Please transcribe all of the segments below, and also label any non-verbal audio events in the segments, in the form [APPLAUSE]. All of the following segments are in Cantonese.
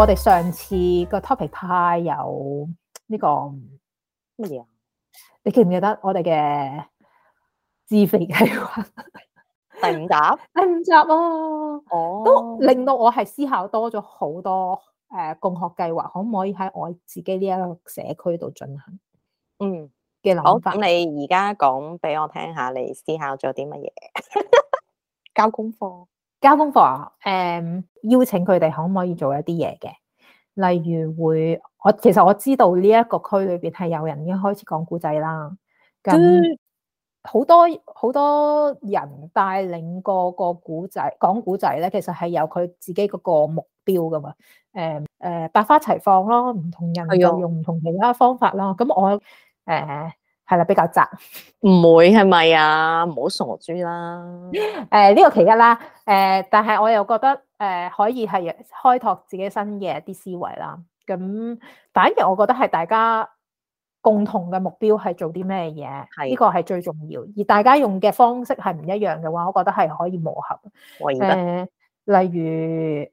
我哋上次、個 topic 太有呢個乜嘢啊？麼你記唔記得我哋嘅自肥計劃第五集？第五集啊！哦，都令到我係思考多咗好多。誒、呃，共學計劃可唔可以喺我自己呢一個社區度進行？嗯嘅諗法。咁、嗯、你而家講俾我聽下，你思考咗啲乜嘢？交 [LAUGHS] 功課。交功課啊，誒、嗯，邀請佢哋可唔可以做一啲嘢嘅？例如會，我其實我知道呢一個區裏邊係有人已經開始講古仔啦。咁好多好多人帶領過個古仔講古仔咧，其實係有佢自己嗰個目標噶嘛。誒、嗯、誒、嗯，百花齊放咯，唔同人就、哎、呦用唔同其他方法咯。咁我誒。嗯係啦，比較窄，唔會係咪啊？唔好傻豬啦！誒呢個其一啦，誒但係我又覺得誒可以係開拓自己的新嘅一啲思維啦。咁反而我覺得係大家共同嘅目標係做啲咩嘢，呢的個係最重要。而大家用嘅方式係唔一樣嘅話，我覺得係可以磨合。我、呃、例如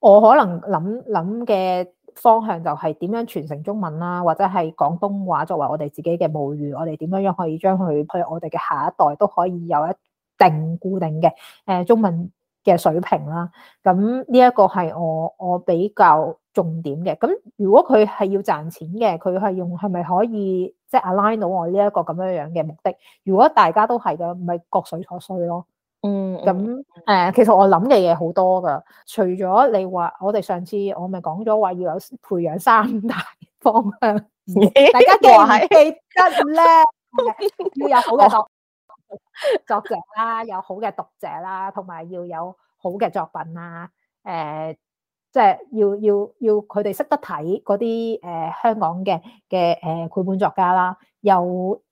我可能諗諗嘅。方向就係點樣傳承中文啦，或者係廣東話作為我哋自己嘅母語，我哋點樣樣可以將佢去我哋嘅下一代都可以有一定固定嘅誒中文嘅水平啦。咁呢一個係我我比較重點嘅。咁如果佢係要賺錢嘅，佢係用係咪可以即係、就是、align 到我呢一個咁樣樣嘅目的？如果大家都係嘅，咪各取所需咯。嗯，咁誒、呃，其實我諗嘅嘢好多噶，除咗你話，我哋上次我咪講咗話要有培養三大方向， [LAUGHS] 大家記唔記得咧？ [LAUGHS] 要有好嘅作 [LAUGHS] 作者啦，有好嘅讀者啦，同埋要有好嘅作品啦。誒、呃，即係要要要，佢哋識得睇嗰啲誒香港嘅嘅誒繪本作家啦，又有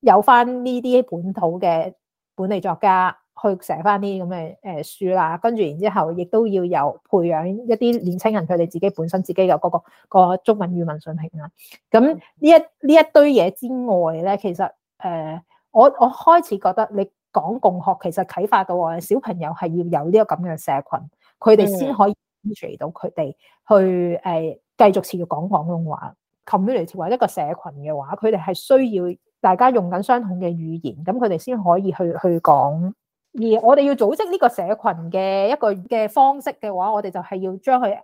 有翻呢啲本土嘅。本地作家去寫翻啲咁嘅誒書啦，跟住然之後亦都要有培養一啲年輕人，佢哋自己本身自己嘅嗰、嗰個嗰個嗰個中文語文水平啦。咁呢一呢一堆嘢之外咧，其實誒、呃、我我開始覺得你講共學，其實啟發到我，小朋友係要有呢個咁嘅社群。佢哋先可以 encourage 到佢哋去誒、呃、繼續持續講廣東話。community 或者一個社群嘅話，佢哋係需要。大家用緊相同嘅語言，咁佢哋先可以去去講。而我哋要組織呢個社群嘅一個嘅方式嘅話，我哋就係要將佢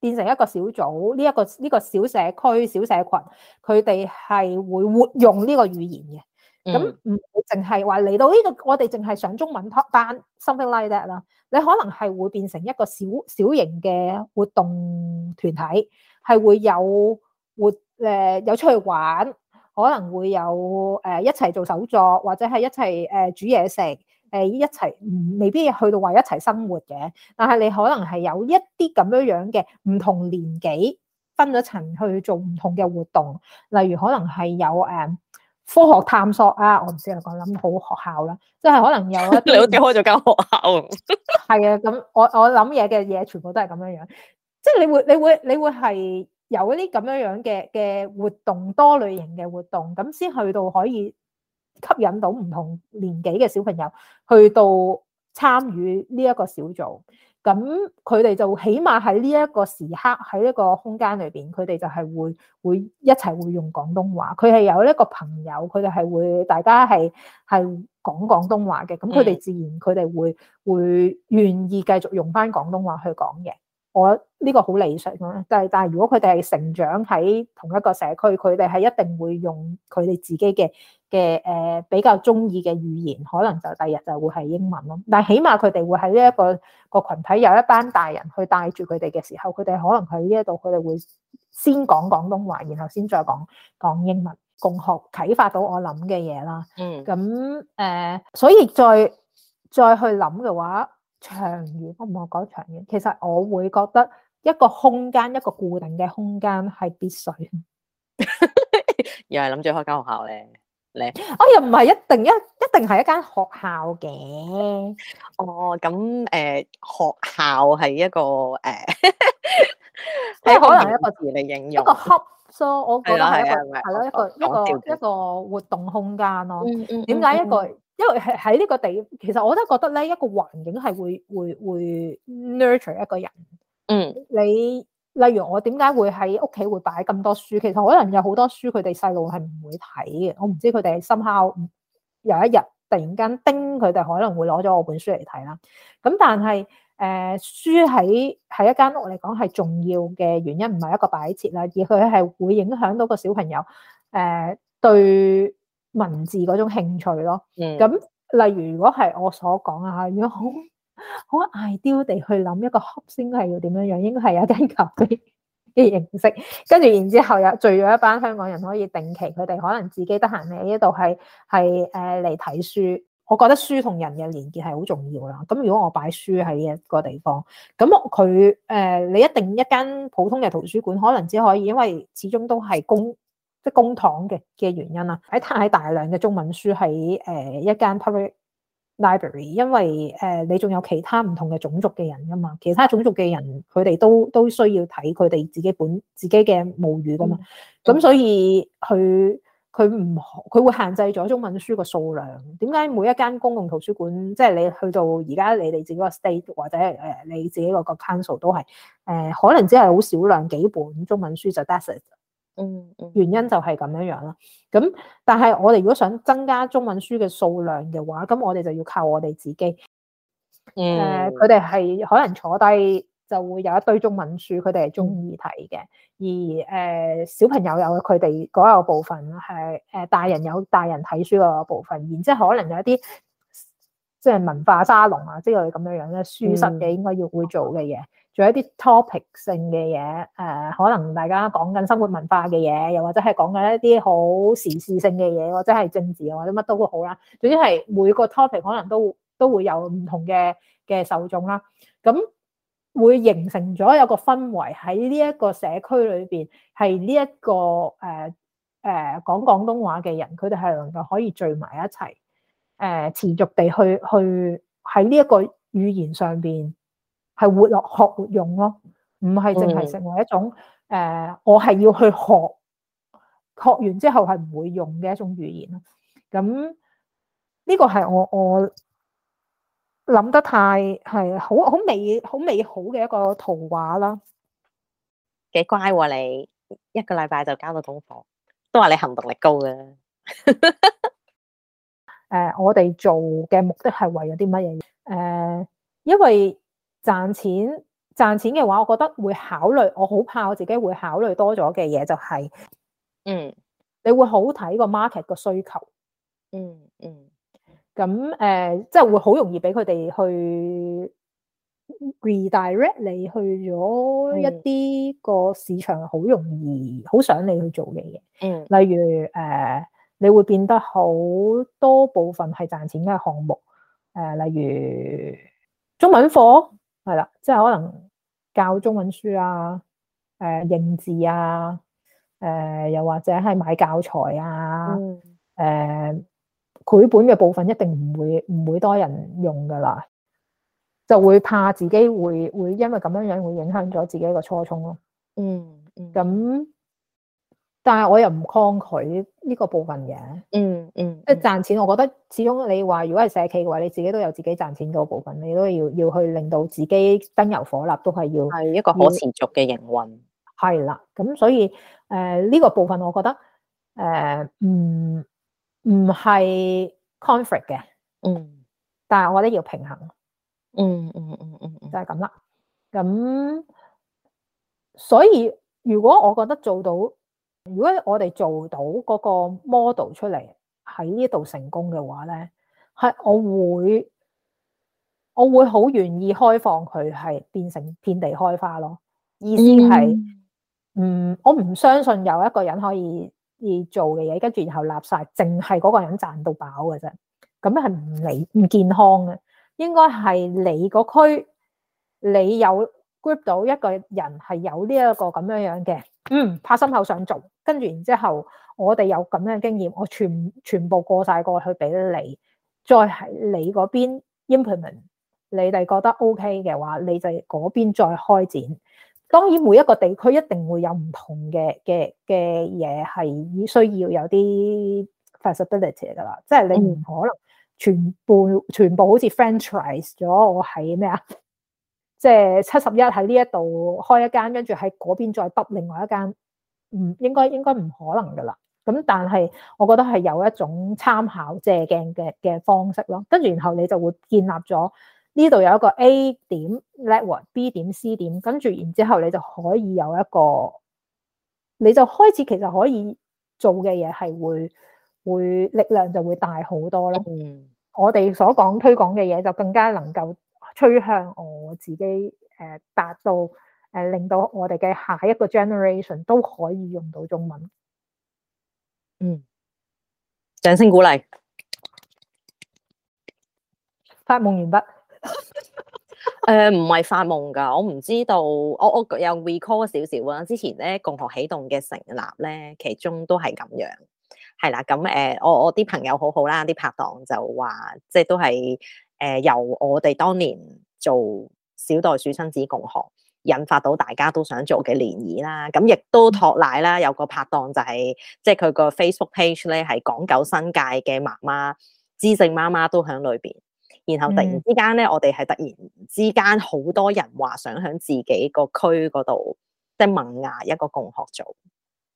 變成一個小組，呢一個呢個小社區、小社群，佢哋係會活用呢個語言嘅。咁唔淨係話嚟到呢個，我哋淨係上中文班，something like that 啦。你可能係會變成一個小小型嘅活動團體，係會有活誒有出去玩。可能會有誒一齊做手作，或者係一齊誒煮嘢食，誒一齊唔未必去到話一齊生活嘅。但係你可能係有一啲咁樣樣嘅唔同年紀分咗層去做唔同嘅活動，例如可能係有誒科學探索啊，我唔知啊，我講，我諗好學校啦，即係可能有一啲你都開咗間學校啊，係啊，咁我我諗嘢嘅嘢全部都係咁樣樣，即係你會你會你會係。有嗰啲咁樣樣嘅嘅活動，多類型嘅活動，咁先去到可以吸引到唔同年紀嘅小朋友去到參與呢一個小組。咁佢哋就起碼喺呢一個時刻喺一個空間裏邊，佢哋就係會會一齊會用廣東話。佢係有一個朋友，佢哋係會大家係係講廣東話嘅。咁佢哋自然佢哋會會願意繼續用返廣東話去講嘅。我呢、這個好理想咯，就係但係如果佢哋係成長喺同一個社區，佢哋係一定會用佢哋自己嘅嘅誒比較中意嘅語言，可能就第二日就會係英文咯。但係起碼佢哋會喺呢一個個羣體有一班大人去帶住佢哋嘅時候，佢哋可能喺呢一度佢哋會先講廣東話，然後先再講講英文，共學啟發到我諗嘅嘢啦。嗯，咁誒那，呃、所以再再去諗嘅話。長遠，我唔係講長遠，其實我會覺得一個空間，一個固定嘅空間係必須。又係諗住開間學校咧，你？我又唔係一定一一定係一間學校嘅。哦，咁誒，學校係一個誒，係可能一個英文字嚟形容，一個 Hub。我覺得係一個係咯，一個一個一個活動空間咯。嗯嗯。點解一個？因為喺喺呢個地，其實我都覺得咧，一個環境係會會會 nurture 一個人。嗯，你例如我點解會喺屋企會擺咁多書？其實可能有好多書，佢哋細路係唔會睇嘅。我唔知佢哋 somehow 有一日突然間叮佢哋，可能會攞咗我本書嚟睇啦。咁但係誒書喺喺一間屋嚟講係重要嘅原因，唔係一個擺設啦，而佢係會影響到個小朋友誒對。文字嗰種興趣咯，咁例如如果係我所講啊，要好好 ideal 地去諗一個合聲係要點樣樣，應該係有一間 club 嘅啲形式，跟住然之後又聚咗一班香港人可以定期，佢哋可能自己得閒喺呢度係係誒嚟睇書。我覺得書同人嘅連結係好重要啦。咁如果我擺書喺一個地方，咁佢誒你一定一間普通嘅圖書館，可能只可以因為始終都係公。即公帑嘅嘅原因啦，喺太大量嘅中文書喺誒、呃、一間 public library，因為誒、呃、你仲有其他唔同嘅種族嘅人噶嘛，其他種族嘅人佢哋都都需要睇佢哋自己本自己嘅母語噶嘛，咁所以佢佢唔佢會限制咗中文書嘅數量。點解每一間公共圖書館，即係你去到而家你哋自己個 state 或者誒你自己個個 council 都係誒、呃、可能只係好少量幾本中文書就得嗯，原因就係咁樣樣啦。咁但係我哋如果想增加中文書嘅數量嘅話，咁我哋就要靠我哋自己。誒、嗯，佢哋係可能坐低就會有一堆中文書，佢哋係中意睇嘅。嗯、而誒、呃，小朋友有佢哋嗰個部分係，誒、呃，大人有大人睇書個部分。然之後可能有一啲即係文化沙龍啊之類咁樣樣咧，書識嘅應該要會做嘅嘢。嗯嗯做一啲 topic 性嘅嘢，誒、呃、可能大家講緊生活文化嘅嘢，又或者係講緊一啲好時事性嘅嘢，或者係政治或者乜都好啦。總之係每個 topic 可能都都會有唔同嘅嘅受眾啦。咁會形成咗有個氛圍喺呢一個社區裏邊，係呢一個誒誒、呃呃、講廣東話嘅人，佢哋係能夠可以聚埋一齊，誒、呃、持續地去去喺呢一個語言上邊。係活落學活用咯，唔係淨係成為一種誒、嗯呃，我係要去學，學完之後係唔會用嘅一種語言咯。咁呢、呢個係我我諗得太係好好美，好美好美好嘅一個圖畫啦。幾乖喎、啊、你，一個禮拜就交到功課，都話你行動力高嘅。誒、 [LAUGHS] 呃，我哋做嘅目的係為咗啲乜嘢？誒、呃，因為。賺錢賺錢嘅話，我覺得會考慮。我好怕我自己會考慮多咗嘅嘢，就係嗯，你會好睇個 market 個需求。嗯嗯。咁、嗯、誒，即係、呃就是、會好容易俾佢哋去 redirect 你去咗一啲個市場好、嗯、容易好想你去做嘅嘢。嗯。例如誒、呃，你會變得好多部分係賺錢嘅項目。誒、呃，例如中文課。係啦，即係可能教中文書啊，誒認字啊，誒、呃、又或者係買教材啊，誒繪、嗯呃、本嘅部分一定唔會唔會多人用噶啦，就會怕自己會會因為咁樣樣會影響咗自己一個初衷咯、啊嗯。嗯，咁、嗯。但係我又唔抗拒呢呢個部分嘅、嗯，嗯嗯，即係賺錢，我覺得始終你話如果係社企嘅話，你自己都有自己賺錢嗰部分，你都要要去令到自己燈油火蠟都係要係一個可持續嘅營運，係啦、嗯，咁所以誒呢、呃呢個部分我覺得誒唔唔係 conflict 嘅，嗯，但係我覺得要平衡，嗯嗯嗯嗯，嗯嗯嗯嗯就係咁啦，咁所以如果我覺得做到。如果我哋做到嗰個 model 出嚟，喺呢度成功嘅話咧，係我會我會好願意開放佢係變成遍地開花咯。意思係，唔、嗯，我唔相信有一個人可以要做嘅嘢，跟住然後立晒，淨係嗰個人賺到飽嘅啫。咁樣係唔理唔健康嘅，應該係你個區，你有。group 到一個人係有呢一個咁樣樣嘅，嗯，怕心口想做，跟住然之後我哋有咁樣經驗，我全全部過晒過去俾你，再喺你嗰邊 implement，你哋覺得 OK 嘅話，你就嗰邊再開展。當然每一個地區一定會有唔同嘅嘅嘅嘢係需要有啲 flexibility 噶啦，即係、嗯、你唔可能全部全部好似 franchise 咗我喺咩啊？即係七十一喺呢一度開一間，跟住喺嗰邊再揼另外一間，唔應該應該唔可能㗎喇。咁但係我覺得係有一種參考借鏡嘅嘅方式咯。跟住然後你就會建立咗呢度有一個 A 點、level B 點、C 點，跟住然之後你就可以有一個，你就開始其實可以做嘅嘢係會會力量就會大好多囉。嗯，我哋所講推廣嘅嘢就更加能夠。趨向我自己誒，達到誒，令到我哋嘅下一個 generation 都可以用到中文。嗯，掌聲鼓勵。發夢完畢。誒、 [LAUGHS] [LAUGHS] 呃，唔係發夢㗎，我唔知道。我我有 recall 少少啊。之前咧，共學啟動嘅成立咧，其中都係咁樣。係啦，咁誒、呃，我我啲朋友好好啦，啲拍檔就話，即係都係。誒、呃，由我哋當年做小袋鼠親子共學，引發到大家都想做嘅漣漪啦，咁、啊、亦都托奶啦，有個拍檔就係、是、即係、就、佢、是、個 Facebook page 咧，係港九新界嘅媽媽知性媽媽都喺裏邊，然後突然之間咧，嗯、我哋係突然之間好多人話想喺自己個區嗰度，即、就、係、是、萌芽一個共學組。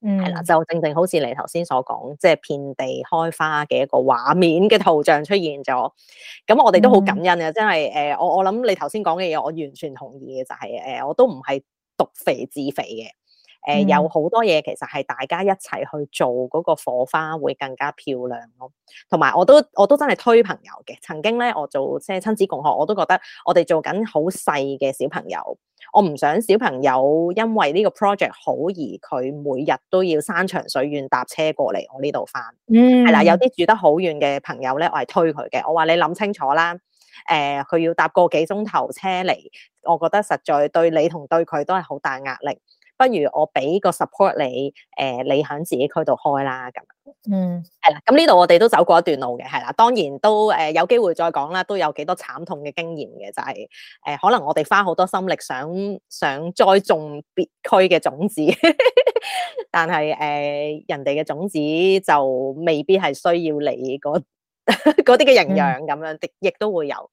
嗯，係啦，就正正好似你頭先所講，即係遍地開花嘅一個畫面嘅圖像出現咗，咁我哋都好感恩啊！嗯、真係，誒，我我諗你頭先講嘅嘢，我完全同意嘅就係，誒，我都唔係獨肥自肥嘅。誒、嗯呃，有好多嘢其實係大家一齊去做，嗰個火花會更加漂亮咯。同埋，我都我都真係推朋友嘅。曾經咧，我做即係親子共學，我都覺得我哋做緊好細嘅小朋友，我唔想小朋友因為呢個 project 好而佢每日都要山長水遠搭車過嚟我呢度返。嗯，係啦，有啲住得好遠嘅朋友咧，我係推佢嘅。我話，你諗清楚啦，誒、呃，佢要搭個幾鐘頭車嚟，我覺得實在對你同對佢都係好大壓力。不如我俾個 support 你，誒、呃、你喺自己區度開啦，咁嗯係啦，咁呢度我哋都走過一段路嘅，係啦，當然都誒、呃、有機會再講啦，都有幾多慘痛嘅經驗嘅，就係、是、誒、呃、可能我哋花好多心力想想栽種別區嘅種子， [LAUGHS] 但係誒、呃、人哋嘅種子就未必係需要你嗰啲嘅營養咁樣，亦亦、嗯、都會有。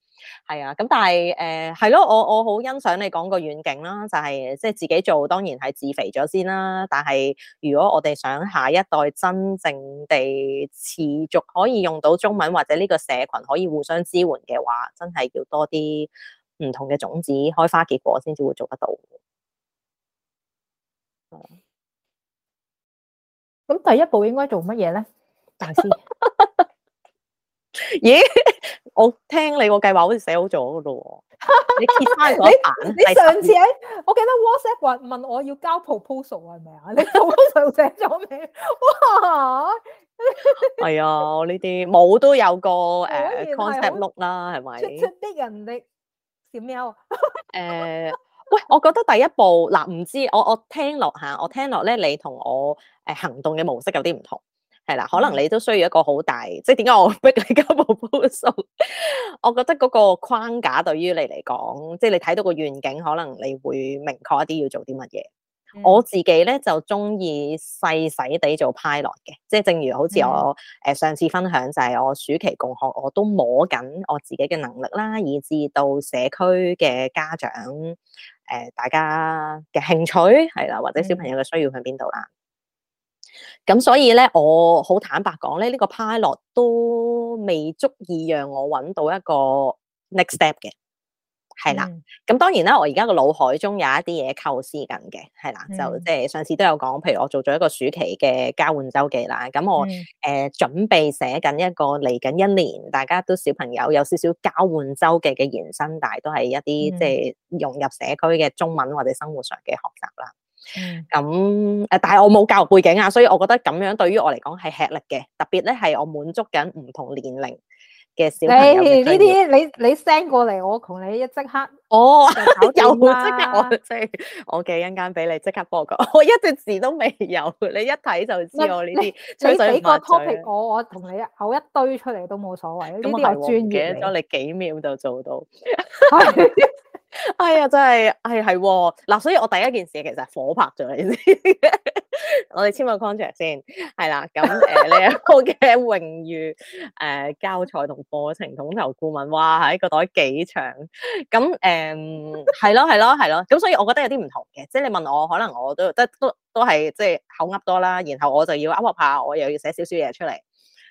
係啊，咁但係誒係咯，我我好欣賞你講個遠景啦，就係即係自己做，當然係自肥咗先啦。但係如果我哋想下一代真正地持續可以用到中文，或者呢個社群可以互相支援嘅話，真係要多啲唔同嘅種子開花結果，先至會做得到。咁第一步應該做乜嘢咧？大師 [LAUGHS] [LAUGHS] 咦、啊，我聽你個計劃好似寫好咗噶咯喎，你揭上你，你上次喺，我記得 WhatsApp 話問我要交 proposal 係咪啊？你 proposal 寫咗未？哇，係 [LAUGHS] 啊、哎，呢啲冇都有個誒、uh, concept look 啦，係咪？出出啲人哋小喵。誒 [LAUGHS] ，uh, 喂，我覺得第一步嗱，唔知我我聽落吓，我聽落咧，你同我誒行動嘅模式有啲唔同。係啦，可能你都需要一個好大，嗯、即係點解我逼你加部 b o 數？ [LAUGHS] 我覺得嗰個框架對於你嚟講，即係你睇到個願景，可能你會明確一啲要做啲乜嘢。嗯、我自己咧就中意細細地做 pilot 嘅，即係正如好似我誒上次分享就係我暑期共學，我都摸緊我自己嘅能力啦，以至到社區嘅家長誒、呃、大家嘅興趣係啦，或者小朋友嘅需要去邊度啦。嗯咁所以咧，我好坦白講咧，呢、這個 pilot 都未足以讓我揾到一個 next step 嘅，係啦。咁、嗯、當然啦，我而家個腦海中有一啲嘢構思緊嘅，係啦，就即係上次都有講，譬如我做咗一個暑期嘅交換周記啦，咁我誒、嗯呃、準備寫緊一個嚟緊一年，大家都小朋友有少少交換周記嘅延伸，但係都係一啲、嗯、即係融入社區嘅中文或者生活上嘅學習啦。咁誒，嗯、但係我冇教育背景啊，所以我覺得咁樣對於我嚟講係吃力嘅，特別咧係我滿足緊唔同年齡嘅小朋友。呢啲，你你 send 過嚟，我同你一即刻哦，有即刻，我即係我嘅一間俾你，即刻播過，我一隻字都未有，你一睇就知我呢啲吹水發嘴。我你我同你一口一堆出嚟都冇所謂，呢我係專業嚟。我嚟、啊、幾秒就做到。 [LAUGHS] [LAUGHS] 哎呀，真係係係嗱，所以我第一件事其實係火拍咗、 [LAUGHS] 呃，你先。我哋簽個 contract 先，係啦，咁誒呢一個嘅榮譽誒教材同課程統籌顧問，哇喺、哎、個袋幾長，咁誒係咯係咯係咯，咁、呃、所以我覺得有啲唔同嘅，即係你問我，可能我都得都都係即係口噏多啦，然後我就要噏下下，我又要寫少少嘢出嚟。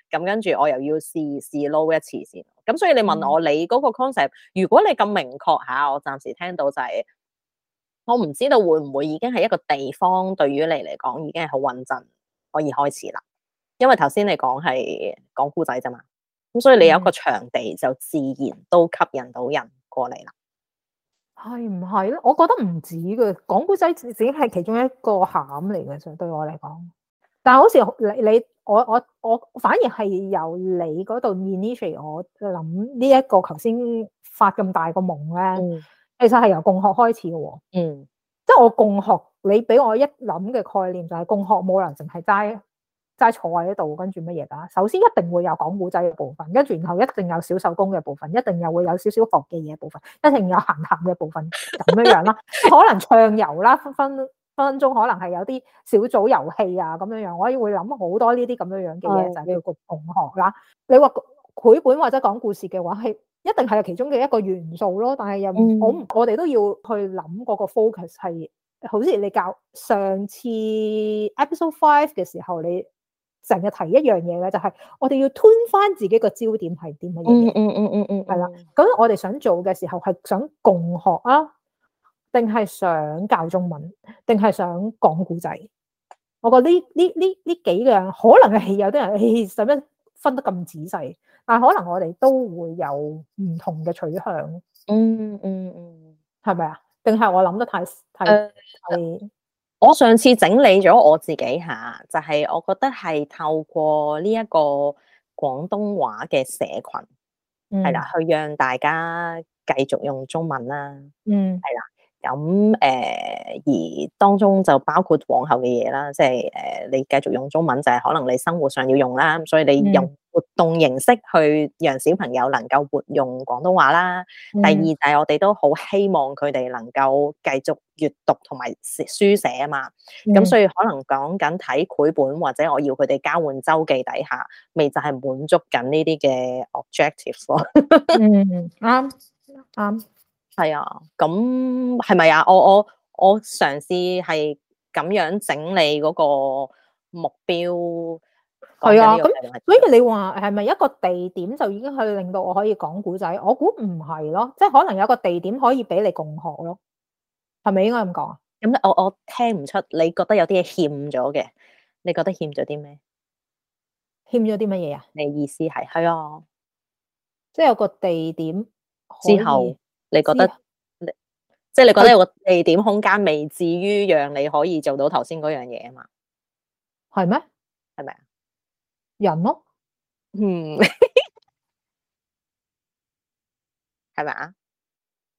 咁跟住我又要試試撈一次先，咁所以你問我、嗯、你嗰個 concept，如果你咁明確嚇，我暫時聽到就係、是，我唔知道會唔會已經係一個地方對於你嚟講已經係好穩陣可以開始啦。因為頭先你講係講故仔啫嘛，咁所以你有一個場地就自然都吸引到人過嚟啦。係唔係咧？我覺得唔止嘅，講故仔只係其中一個餡嚟嘅啫。對我嚟講，但係好似你你。你我我我反而係由你嗰度 initiate，我諗呢一個頭先發咁大個夢咧，嗯、其實係由共學開始嘅喎。嗯，即係我共學，你俾我一諗嘅概念就係共學只只，冇人淨係齋齋坐喺度，跟住乜嘢？首先一定會有講古仔嘅部分，跟住然後一定有小手工嘅部分，一定又會有少少學嘅嘢部分，一定有閒談嘅部分咁樣樣啦， [LAUGHS] 可能唱遊啦分分。分分鐘可能係有啲小組遊戲啊，咁樣樣，我以會諗好多呢啲咁樣樣嘅嘢，的就係叫個共學啦。你話繪本或者講故事嘅話，係一定係其中嘅一個元素咯。但係又我、嗯、我哋都要去諗嗰個 focus 係，好似你教上次 episode five 嘅時候，你成日提一樣嘢咧，就係、是、我哋要 turn 翻自己個焦點係啲嘅嘢嘢。嗯嗯嗯嗯嗯，係、嗯、啦。咁、嗯嗯、我哋想做嘅時候係想共學啊。定係想教中文，定係想講古仔？我覺得呢呢呢呢幾個可能係有啲人，誒、欸，使乜分得咁仔細？但可能我哋都會有唔同嘅取向。嗯嗯嗯，係咪啊？定係我諗得太、呃、太？我上次整理咗我自己吓，就係、是、我覺得係透過呢一個廣東話嘅社群，係啦、嗯，去讓大家繼續用中文啦。嗯，係啦。咁誒、呃，而當中就包括往後嘅嘢啦，即係誒、呃，你繼續用中文就係、是、可能你生活上要用啦，所以你用活動形式去讓小朋友能夠活用廣東話啦。嗯、第二就係我哋都好希望佢哋能夠繼續閱讀同埋書寫啊嘛。咁、嗯、所以可能講緊睇繪本或者我要佢哋交換周記底下，未就係、是、滿足緊呢啲嘅 objective 咯、 [LAUGHS] 嗯。嗯、啱、嗯、啱。係啊，咁係咪啊？我我我嘗試係咁樣整理你嗰個目標。係啊，咁所以你話係咪一個地點就已經去令到我可以講古仔？我估唔係咯，即係可能有個地點可以俾你共學咯。係咪應該咁講啊？咁咧，我我聽唔出你覺得有啲嘢欠咗嘅，你覺得欠咗啲咩？欠咗啲乜嘢啊？你意思係係啊？即係有個地點之後。你覺，啊、你覺得你即係你覺得有個地點空間，未至於讓你可以做到頭先嗰樣嘢啊嘛？係咩嗎？係咪啊？人咯，嗯，係咪啊？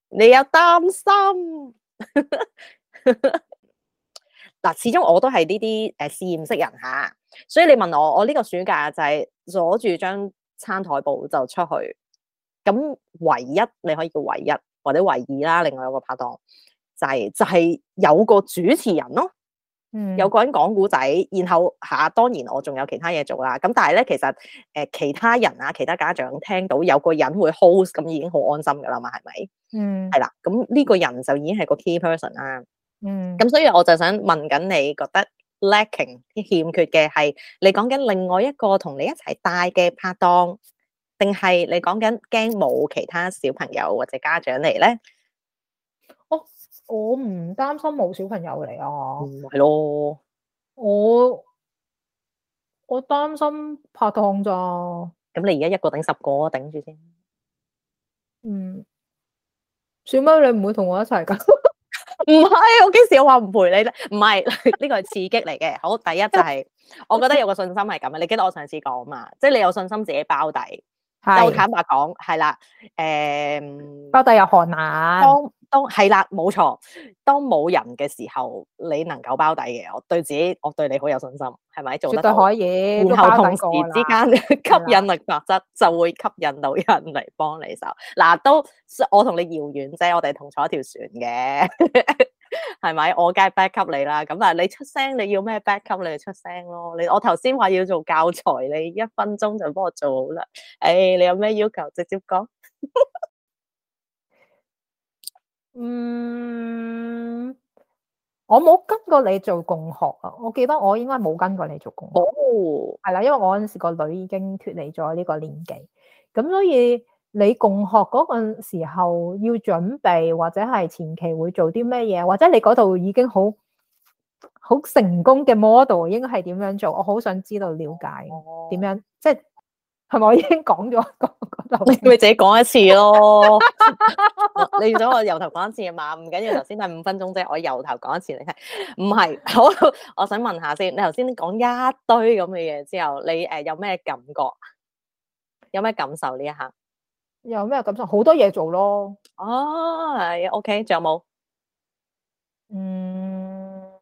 你有擔心嗱？ [LAUGHS] 始終我都係呢啲誒試驗式人吓，所以你問我，我呢個暑假就係鎖住張餐台布就出去。咁唯一你可以叫唯一或者唯二啦，另外有個拍檔就係、是、就係、是、有個主持人咯，嗯，有個人講古仔，然後吓、啊，當然我仲有其他嘢做啦。咁但係咧，其實誒、呃，其他人啊，其他家長聽到有個人會 host，咁已經好安心噶啦嘛，係咪？嗯，係啦。咁呢個人就已經係個 key person 啦。嗯。咁所以我就想問緊，你覺得 lacking 欠缺嘅係你講緊另外一個同你一齊帶嘅拍檔？定係你講緊驚冇其他小朋友或者家長嚟咧、哦？我我唔擔心冇小朋友嚟啊，唔係、嗯、咯，我我擔心拍檔咋。咁你而家一個頂十個啊，頂住先。嗯，小貓你唔會同我一齊噶？唔 [LAUGHS] 係， [LAUGHS] 我幾時有話唔陪你咧？唔係，呢個係刺激嚟嘅。 [LAUGHS] 好，第一就係、是、我覺得有個信心係咁啊！你記得我上次講嘛，即、就、係、是、你有信心自己包底。就是坦白講，係啦，誒、嗯，包底有何難。當當係啦，冇錯。當冇人嘅時候，你能夠包底嘅，我對自己，我對你好有信心，係咪？做得都可以。換後同時間，突然之間吸引力法則的就會吸引到人嚟幫你手。嗱、啊，都我同你遙遠啫，我哋同坐一條船嘅。 [LAUGHS] 係咪？我梗係 back up 你啦。咁啊，你出聲你要咩 back up，你就出聲咯。你我頭先話要做教材，你一分鐘就幫我做好啦。誒，你有咩要求，直接講。嗯，我冇跟過你做共學啊。我記得我應該冇跟過你做共學。哦，係啦，因為我嗰陣時個女已經脫離咗呢個年紀，咁所以。你共學嗰陣時候要準備，或者係前期會做啲咩嘢，或者你嗰度已經好好成功嘅 model，應該係點樣做？我好想知道了解點樣，即係係咪我已經講咗度？你咪自己講一次咯， [LAUGHS] 你想我由頭講一次嘛？唔緊要，頭先睇五分鐘啫，我由頭講一次你睇。唔係，好，我想問下先，你頭先講一堆咁嘅嘢之後，你誒有咩感覺？有咩感受呢一刻？有咩感受？好多嘢做咯，啊，係，OK，仲有冇？嗯，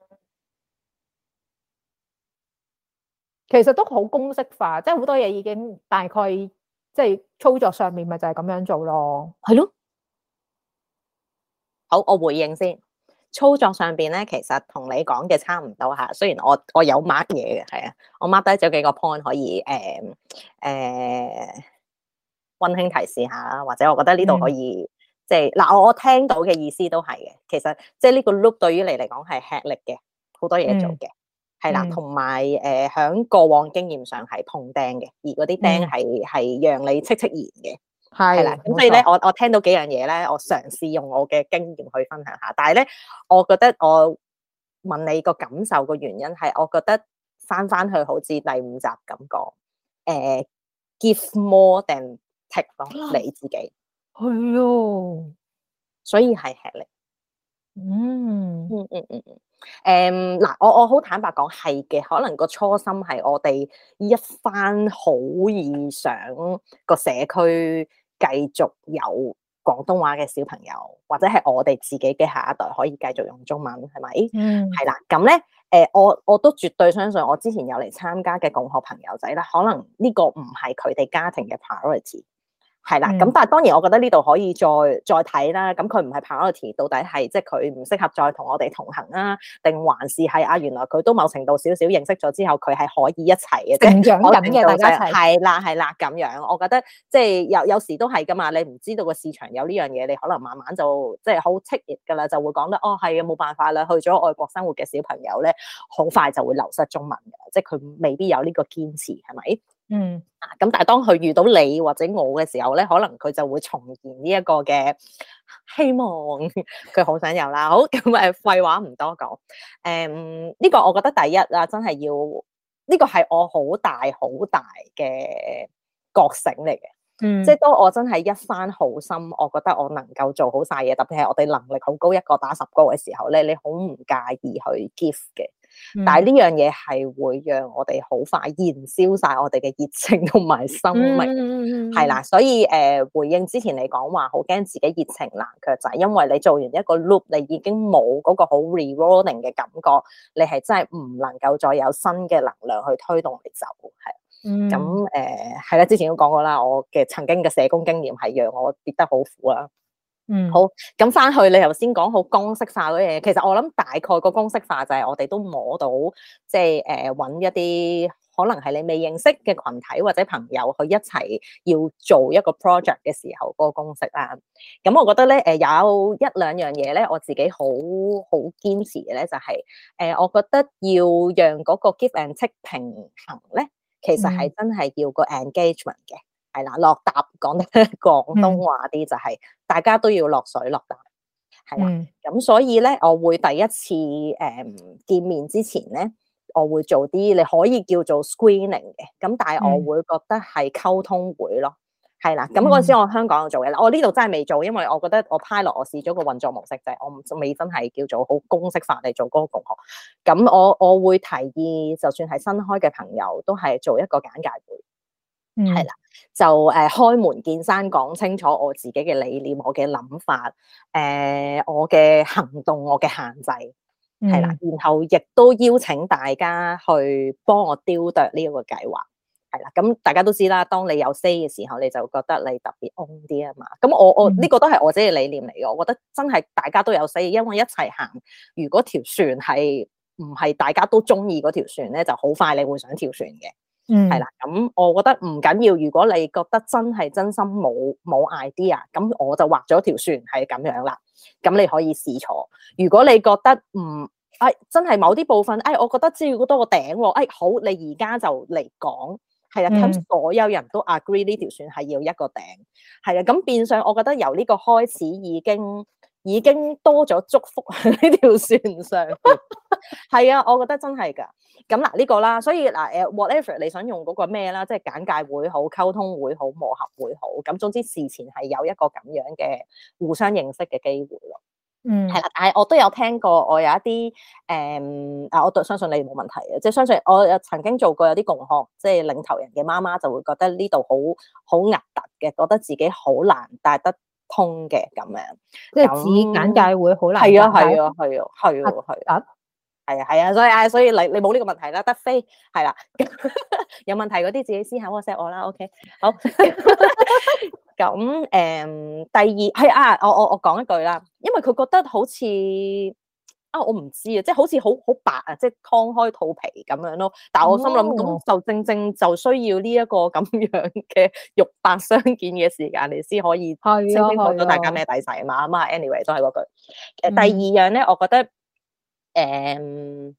其實都好公式化，即係好多嘢已經大概，即係操作上面咪就係咁樣做咯。係咯，好，我回應先。操作上邊咧，其實同你講嘅差唔多吓。雖然我我有 mark 嘢嘅，係啊，我 mark 低咗幾個 point 可以，誒、呃，誒、呃。溫馨提示下啦，或者我覺得呢度可以，即係嗱，我、就是、我聽到嘅意思都係嘅。其實即係呢個 look 對於你嚟講係吃力嘅，好多嘢做嘅，係啦、嗯。同埋誒，喺、呃、過往經驗上係碰釘嘅，而嗰啲釘係係、嗯、讓你戚戚然嘅，係啦。咁是所以咧，錯我我聽到幾樣嘢咧，我嘗試用我嘅經驗去分享下。但係咧，我覺得我問你個感受個原因係，我覺得翻翻去好似第五集咁講，誒、呃、，Give more than。停落你自己係啊，哦、所以係吃力。嗯嗯嗯嗯嗯。誒嗱、嗯嗯嗯嗯，我我好坦白講係嘅，可能個初心係我哋一翻好意想個社區繼續有廣東話嘅小朋友，或者係我哋自己嘅下一代可以繼續用中文，係咪？嗯。係啦，咁咧誒，我我都絕對相信我之前有嚟參加嘅共學朋友仔咧，可能呢個唔係佢哋家庭嘅 priority。係啦，咁、嗯、但係當然，我覺得呢度可以再再睇啦。咁佢唔係 priority，到底係即係佢唔適合再同我哋同行啊？定還是係啊？原來佢都某程度少少認識咗之後，佢係可以一齊嘅啫。定嘅大家一齊係啦係啦咁樣，我覺得即係有有時都係噶嘛。你唔知道個市場有呢樣嘢，你可能慢慢就即係好熾熱噶啦，就會講得哦係啊冇辦法啦。去咗外國生活嘅小朋友咧，好快就會流失中文嘅，即係佢未必有呢個堅持，係咪？嗯，咁，但係當佢遇到你或者我嘅時候咧，可能佢就會重現呢一個嘅希望，佢 [LAUGHS] 好想有啦。好咁誒，廢、嗯、話唔多講，誒、嗯，呢、這個我覺得第一啊，真係要呢、這個係我好大好大嘅覺醒嚟嘅。嗯，即係當我真係一番好心，我覺得我能夠做好晒嘢，特別係我哋能力好高，一個打十個嘅時候咧，你好唔介意去 give 嘅。嗯、但係呢樣嘢係會讓我哋好快燃燒晒我哋嘅熱情同埋生命，係啦、嗯嗯嗯，所以誒、呃、回應之前你講話，好驚自己熱情難卻就係、是，因為你做完一個 loop，你已經冇嗰個好 reloading 嘅感覺，你係真係唔能夠再有新嘅能量去推動你走，係，咁誒係啦，之前都講過啦，我嘅曾經嘅社工經驗係讓我跌得好苦啦。嗯，好。咁翻去你頭先講好公式化嗰啲嘢，其實我諗大概個公式化就係我哋都摸到，即係誒搵一啲可能係你未認識嘅群體或者朋友，去一齊要做一個 project 嘅時候嗰個公式啊。咁我覺得咧，誒有一兩樣嘢咧，我自己好好堅持嘅咧，就係誒，我覺得要讓嗰個 give and take 平衡咧，其實係真係要個 engagement 嘅。係啦，落搭講得廣東話啲就係、是，嗯、大家都要落水落搭，係啦。咁、嗯、所以咧，我會第一次誒、嗯、見面之前咧，我會做啲你可以叫做 screening 嘅，咁但係我會覺得係溝通會咯，係啦、嗯。咁嗰陣時我香港做嘢啦，我呢度真係未做，因為我覺得我 pilot 我試咗個運作模式，就係我未真係叫做好公式化嚟做嗰個共學。咁我我會提議，就算係新開嘅朋友，都係做一個簡介會。係啦，就誒開門見山講清楚我自己嘅理念、我嘅諗法、誒、呃、我嘅行動、我嘅限制，係啦、嗯，然後亦都邀請大家去幫我雕琢呢一個計劃，係啦。咁、嗯嗯嗯、大家都知啦，當你有 say 嘅時候，你就覺得你特別 own 啲啊嘛。咁、嗯、我我呢、這個都係我自己嘅理念嚟嘅，我覺得真係大家都有 say，因為一齊行，如果條船係唔係大家都中意嗰條船咧，就好快你會想跳船嘅。嗯，係啦，咁我覺得唔緊要。如果你覺得真係真心冇冇 idea，咁我就畫咗條船係咁樣啦。咁你可以試錯。如果你覺得唔、嗯，哎，真係某啲部分，哎，我覺得只要多個頂，哎，好，你而家就嚟講，係啊，咁、嗯、所有人都 agree 呢條船係要一個頂，係啊，咁變相我覺得由呢個開始已經。已經多咗祝福喺呢條船上，係 [LAUGHS] 啊，我覺得真係噶。咁嗱呢個啦，所以嗱，誒、呃、whatever 你想用嗰個咩啦，即係簡介會好、溝通會好、磨合會好，咁總之事前係有一個咁樣嘅互相認識嘅機會咯。嗯，係啦、啊，但係，我都有聽過，我有一啲誒，啊、嗯，我都相信你冇問題嘅，即係相信我曾經做過有啲共學，即係領頭人嘅媽媽就會覺得呢度好好壓突嘅，覺得自己好難帶得。空嘅咁樣，即係是指樣眼界會好難係啊！係啊！係啊！係啊！係啊！係啊！係啊！係啊！所以啊，所以你你冇呢個問題啦，得飛係啦。啊、 [LAUGHS] 有問題嗰啲自己思考 WhatsApp 我啦。OK，好。咁 [LAUGHS] 誒、 [LAUGHS] 嗯，第二係啊，我我我講一句啦，因為佢覺得好似。啊！我唔知啊，即係好似好好白啊，即係劏開肚皮咁樣咯。但係我心諗咁就正正就需要呢一個咁樣嘅肉白相見嘅時間，你先可以清清楚到大家咩底細嘛。咁啊，anyway 都係嗰句。第二樣咧，嗯、我覺得誒、嗯，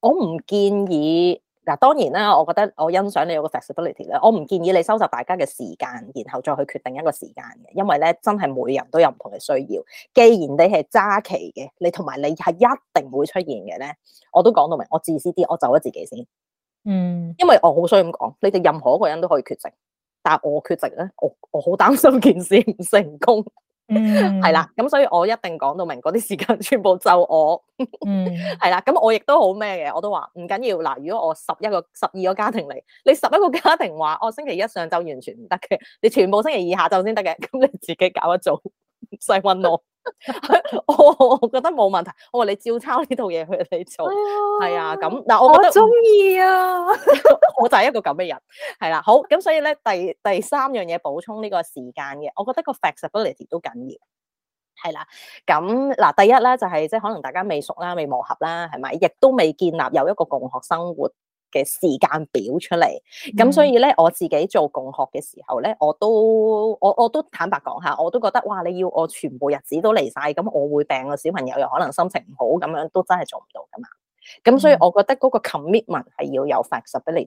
我唔建議。嗱，當然啦，我覺得我欣賞你有個 flexibility 咧，我唔建議你收集大家嘅時間，然後再去決定一個時間嘅，因為咧真係每人都有唔同嘅需要。既然你係揸旗嘅，你同埋你係一定會出現嘅咧，我都講到明，我自私啲，我走咗自己先。嗯，因為我好衰咁講，你哋任何一個人都可以缺席，但係我缺席咧，我我好擔心件事唔成功。係啦，咁 [NOISE] 所以我一定講到明，嗰啲時間全部就我，係 [LAUGHS] 啦，咁我亦都好咩嘅，我都話唔緊要。嗱，如果我十一個、十二個家庭嚟，你十一個家庭話，我、哦、星期一上晝完全唔得嘅，你全部星期二下晝先得嘅，咁你自己搞一組，細 [LAUGHS] 問我。我我覺得冇問題，我話你照抄呢套嘢去你做，係啊咁嗱，我覺得中意、哦哎、呦啊，我，我，啊 [LAUGHS] 我就係一個咁嘅人，係啦、啊，好咁所以咧，第第三樣嘢補充呢個時間嘅，我覺得個 flexibility 都緊要，係啦、啊，咁嗱，第一咧就係、是、即係可能大家未熟啦，未磨合啦，係咪？亦都未建立有一個共學生活。嘅時間表出嚟，咁所以咧我自己做共學嘅時候咧，我都我我都坦白講下，我都覺得哇，你要我全部日子都嚟晒，咁我會病，個小朋友又可能心情唔好，咁樣都真係做唔到㗎嘛。咁所以我覺得嗰個 commitment 係要有 flexibility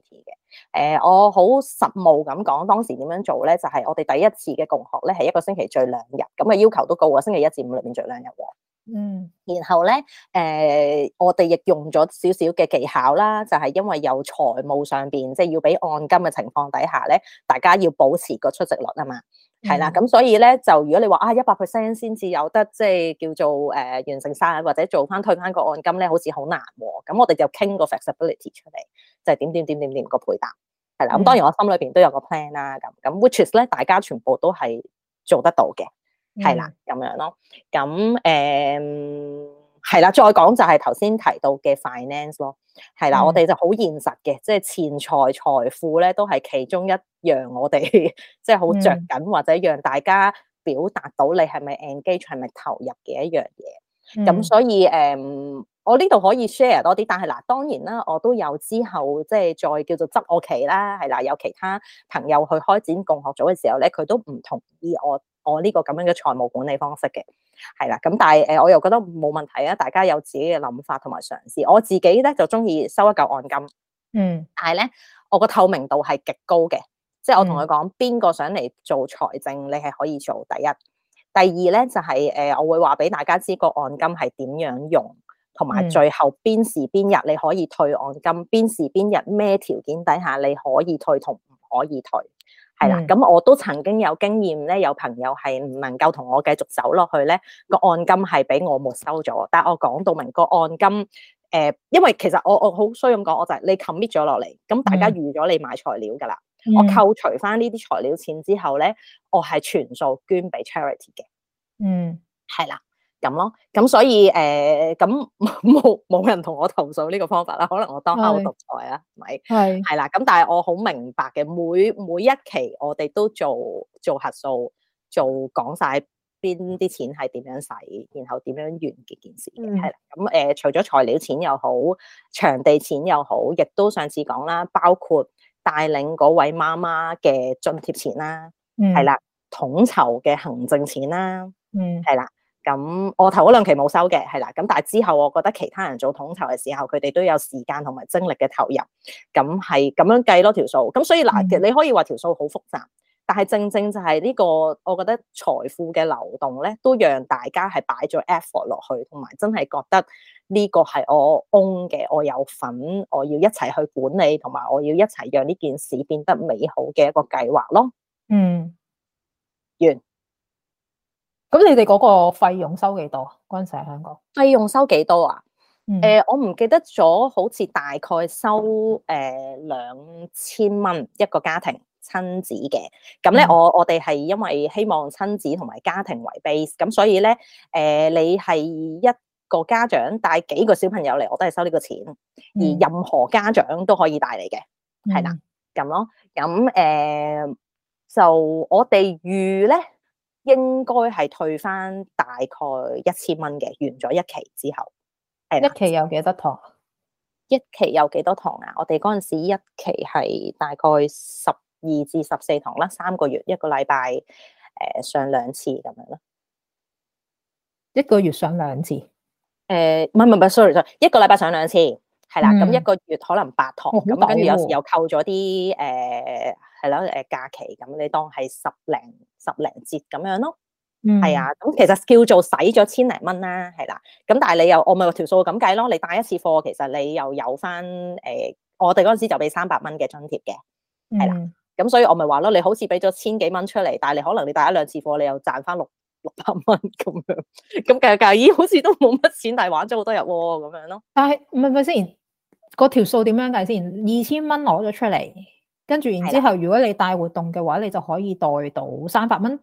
嘅。誒、呃，我好實務咁講，當時點樣做咧？就係、是、我哋第一次嘅共學咧，係一個星期聚兩日，咁嘅要求都高啊，星期一至五裏面聚兩日喎。嗯，然後咧，誒、呃，我哋亦用咗少少嘅技巧啦，就係、是、因為有財務上邊即係要俾按金嘅情況底下咧，大家要保持個出席率啊嘛，係啦，咁所以咧就，如果你話啊一百 percent 先至有得即係叫做誒、呃、完成曬，或者做翻退翻個按金咧，好似好難、啊，咁我哋就傾個 flexibility 出嚟，就係點點點點點個配搭，係啦，咁、嗯嗯、當然我心裏邊都有個 plan 啦，咁咁 which is 咧，大家全部都係做得到嘅。係啦，咁、mm hmm. 樣咯，咁誒，係、嗯、啦，再講就係頭先提到嘅 finance 咯，係啦，mm hmm. 我哋就好現實嘅，即、就、係、是、錢財財富咧，都係其中一樣我哋即係好着緊，就是緊 mm hmm. 或者讓大家表達到你係咪 engage 係咪投入嘅一樣嘢。咁、mm hmm. 所以誒、嗯，我呢度可以 share 多啲，但係嗱，當然啦，我都有之後即係、就是、再叫做執我旗啦，係啦，有其他朋友去開展共學組嘅時候咧，佢都唔同意我。我呢個咁樣嘅財務管理方式嘅，係啦，咁但係誒、呃，我又覺得冇問題啊。大家有自己嘅諗法同埋嘗試，我自己咧就中意收一嚿按金，嗯，但係咧，我個透明度係極高嘅，即係我同佢講邊個想嚟做財政，你係可以做第一，第二咧就係、是、誒、呃，我會話俾大家知個按金係點樣用，同埋最後邊時邊日你可以退按金，邊時邊日咩條件底下你可以退同唔可以退。係啦，咁我都曾經有經驗咧，有朋友係唔能夠同我繼續走落去咧，個按金係俾我沒收咗。但係我講到明個按金，誒、呃，因為其實我我好衰咁講，我就係你 commit 咗落嚟，咁大家預咗你買材料噶啦，嗯、我扣除翻呢啲材料錢之後咧，我係全數捐俾 charity 嘅。嗯，係啦。嗯咁咯，咁所以誒，咁冇冇人同我投訴呢個方法啦？可能我當下好獨裁啦，係咪係啦。咁是但係我好明白嘅，每每一期我哋都做做核數，做講晒邊啲錢係點樣使，然後點樣完結件事嘅，係啦、嗯。咁誒、呃，除咗材料錢又好，場地錢又好，亦都上次講啦，包括帶領嗰位媽媽嘅津貼錢啦、啊，係啦、嗯，統籌嘅行政錢啦、啊，嗯，係啦。咁我頭嗰兩期冇收嘅，係啦。咁但係之後，我覺得其他人做統籌嘅時候，佢哋都有時間同埋精力嘅投入。咁係咁樣計多條數。咁所以嗱，嗯，你可以話條數好複雜，但係正正就係呢個，我覺得財富嘅流動咧，都讓大家係擺咗 effort 落去，同埋真係覺得呢個係我 own 嘅，我有份，我要一齊去管理，同埋我要一齊讓呢件事變得美好嘅一個計劃咯。嗯，完。咁你哋嗰個費用收幾多？嗰時喺香港費用收幾多啊？誒、嗯呃，我唔記得咗，好似大概收誒兩千蚊一個家庭親子嘅。咁咧、嗯，我我哋係因為希望親子同埋家庭為 base，咁所以咧誒、呃，你係一個家長帶幾個小朋友嚟，我都係收呢個錢。嗯、而任何家長都可以帶你嘅，係啦、嗯，咁咯，咁誒、呃、就我哋預咧。應該係退翻大概一千蚊嘅，完咗一期之後，係啦。一期有幾多堂？一期有幾多堂啊？我哋嗰陣時一期係大概十二至十四堂啦，三個月一個禮拜，誒、呃、上兩次咁樣咯。一個月上兩次。誒、呃，唔唔唔，sorry sorry，一個禮拜上兩次，係啦。咁、嗯、一個月可能八堂，咁跟住有時又扣咗啲誒，呃係咯，誒，假期咁，你當係十零十零折咁樣咯。係、嗯、啊，咁其實叫做使咗千零蚊啦，係啦、啊。咁但係你又，我咪條數咁計咯。你帶一次貨，其實你又有翻，誒、呃，我哋嗰陣時就俾三百蚊嘅津貼嘅，係啦、啊。咁、嗯、所以我咪話咯，你好似俾咗千幾蚊出嚟，但係你可能你帶一兩次貨，你又賺翻六六百蚊咁樣。咁計計，咦，好似都冇乜錢，但係玩咗好多日，咁樣咯。但係唔係唔係先，嗰條數點樣計先？二千蚊攞咗出嚟。跟住，然之後，如果你帶活動嘅話，的你就可以袋到三百蚊。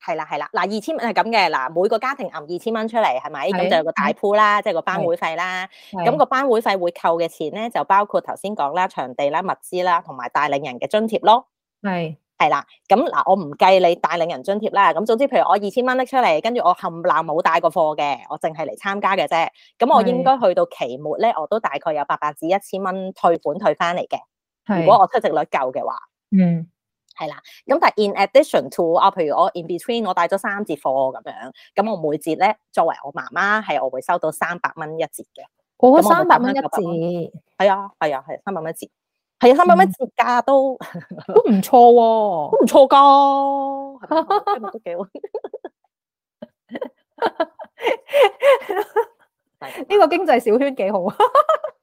係啦，係啦，嗱，二千蚊係咁嘅，嗱，每個家庭攬二千蚊出嚟，係咪？咁的就有個大 pool 啦，即係的個班會費啦。咁的個班會費會扣嘅錢咧，就包括頭先講啦，場地啦、物資啦，同埋帶領人嘅津貼咯。係係啦，咁嗱，我唔計你帶領人津貼啦。咁總之，譬如我二千蚊拎出嚟，跟住我冚唪唥冇帶過貨嘅，我淨係嚟參加嘅啫。咁我應該去到期末咧，我都大概有八百至一千蚊退款退翻嚟嘅。如果我出席率夠嘅話，嗯，係啦。咁但係 in addition to 啊，譬如我 in between 我帶咗三節課咁樣，咁我每節咧作為我媽媽係我會收到三百蚊一節嘅，嗰三百蚊一節，係啊係啊係三百蚊一節，係啊三百蚊一節價都、嗯、 [LAUGHS] 都唔錯喎，啊，都唔錯㗎。都幾好。呢 [LAUGHS] 個經濟小圈幾好，啊！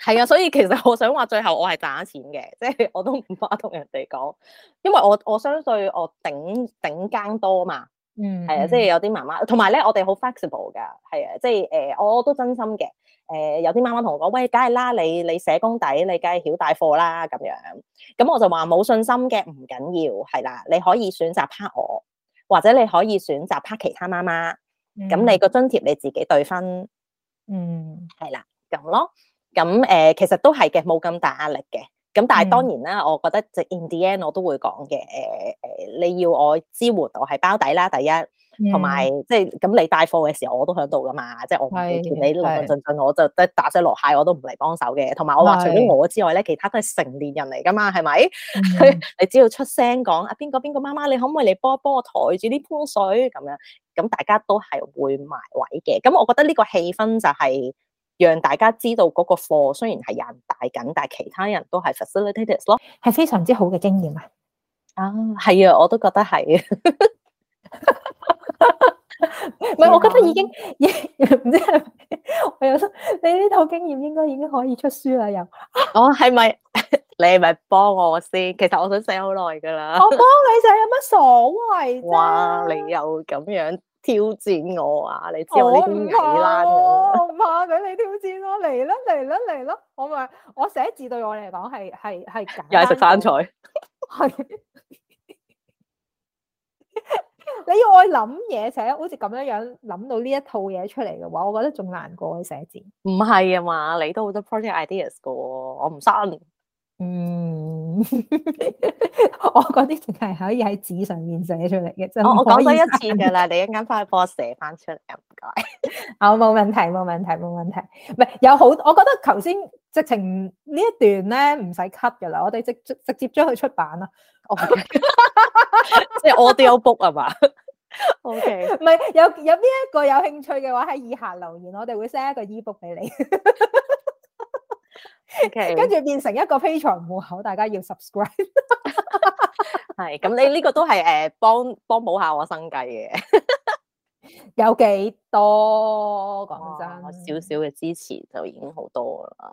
係啊，所以其實我想話，最後我係賺錢嘅，即係我都唔怕同人哋講，因為我我相信我頂頂更多嘛。嗯，係啊，呃，即係有啲媽媽，同埋咧，我哋好 flexible 噶，係啊，即係誒，我都真心嘅。誒，呃，有啲媽媽同我講：喂，梗係啦，你你社工底，你梗係曉帶貨啦，咁樣。咁我就話冇信心嘅，唔緊要，係啦，你可以選擇 partner 我，或者你可以選擇 partner 其他媽媽，咁，嗯，你個津貼你自己對分。嗯，係啦、mm，咁、hmm. 咯，咁誒、呃，其實都係嘅，冇咁大壓力嘅，咁但係當然啦，mm hmm. 我覺得即係 in the end，我都會講嘅，誒、呃、誒、呃，你要我支援，我係包底啦，第一。同埋即係咁，你帶貨嘅時候我都喺度噶嘛，即係我唔理你順順順順，我就得打聲落蟹，我都唔嚟幫手嘅。同埋我話，除咗我之外咧，是其他都係成年人嚟噶嘛，係咪？嗯、 [LAUGHS] 你只要出聲講啊，邊個邊個媽媽，你可唔可以嚟幫一幫我抬住啲盆水咁樣？咁大家都係會埋位嘅。咁我覺得呢個氣氛就係讓大家知道嗰個貨雖然係人帶緊，但係其他人都係 facilitators 咯，係非常之好嘅經驗啊！啊、哦，係啊，我都覺得係啊。 [LAUGHS] 唔係，我覺得已經，唔知係咪，我又想，你呢套經驗應該已經可以出書啦。又，哦，係咪你係咪幫我先？其實我想寫好耐噶啦。我幫你寫有乜所謂？哇，你又咁樣挑戰我啊？你知我呢啲我唔怕俾、啊、你挑戰我、啊。嚟啦嚟啦嚟啦！我咪我寫字對我嚟講係係係假，又係食生菜。係。 [LAUGHS] 你要我諗嘢寫，好似咁樣樣諗到呢一套嘢出嚟嘅話，我覺得仲難過寫字。寫字唔係啊嘛，你都好多 project ideas 噶，我唔 s 刪。嗯， [LAUGHS] 我嗰啲淨係可以喺紙上面寫出嚟嘅。哦、我我講咗一次嘅啦，你一陣間翻去幫我寫翻出嚟，唔該。我 [LAUGHS] 冇、 [LAUGHS] 哦、問題，冇問題，冇問題。唔係有好，我覺得頭先。直情呢一段咧唔使 cut 噶啦，我哋直接直接將佢出版啦。即係 audio book 係嘛？OK，唔係 [LAUGHS] 有有邊一個有興趣嘅話喺以下留言，我哋會 send 一個 e book 俾你。O K，跟住變成一個 Patreon 戶口，大家要 subscribe。 [LAUGHS] [LAUGHS] 係咁，你呢個都係誒幫幫補下我生計嘅。 [LAUGHS] 有幾多？講真、哦，我少少嘅支持就已經好多啦。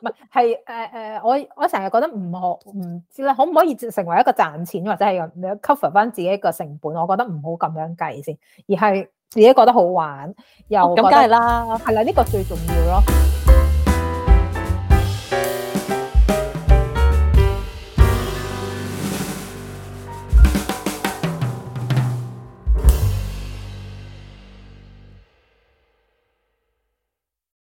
唔 [LAUGHS] 係，誒誒、呃，我我成日覺得唔學唔知咧，可唔可以成為一個賺錢或者係你 cover 翻自己嘅成本？我覺得唔好咁樣計先，而係自己覺得好玩又咁，梗係啦，係啦，呢、這個最重要咯。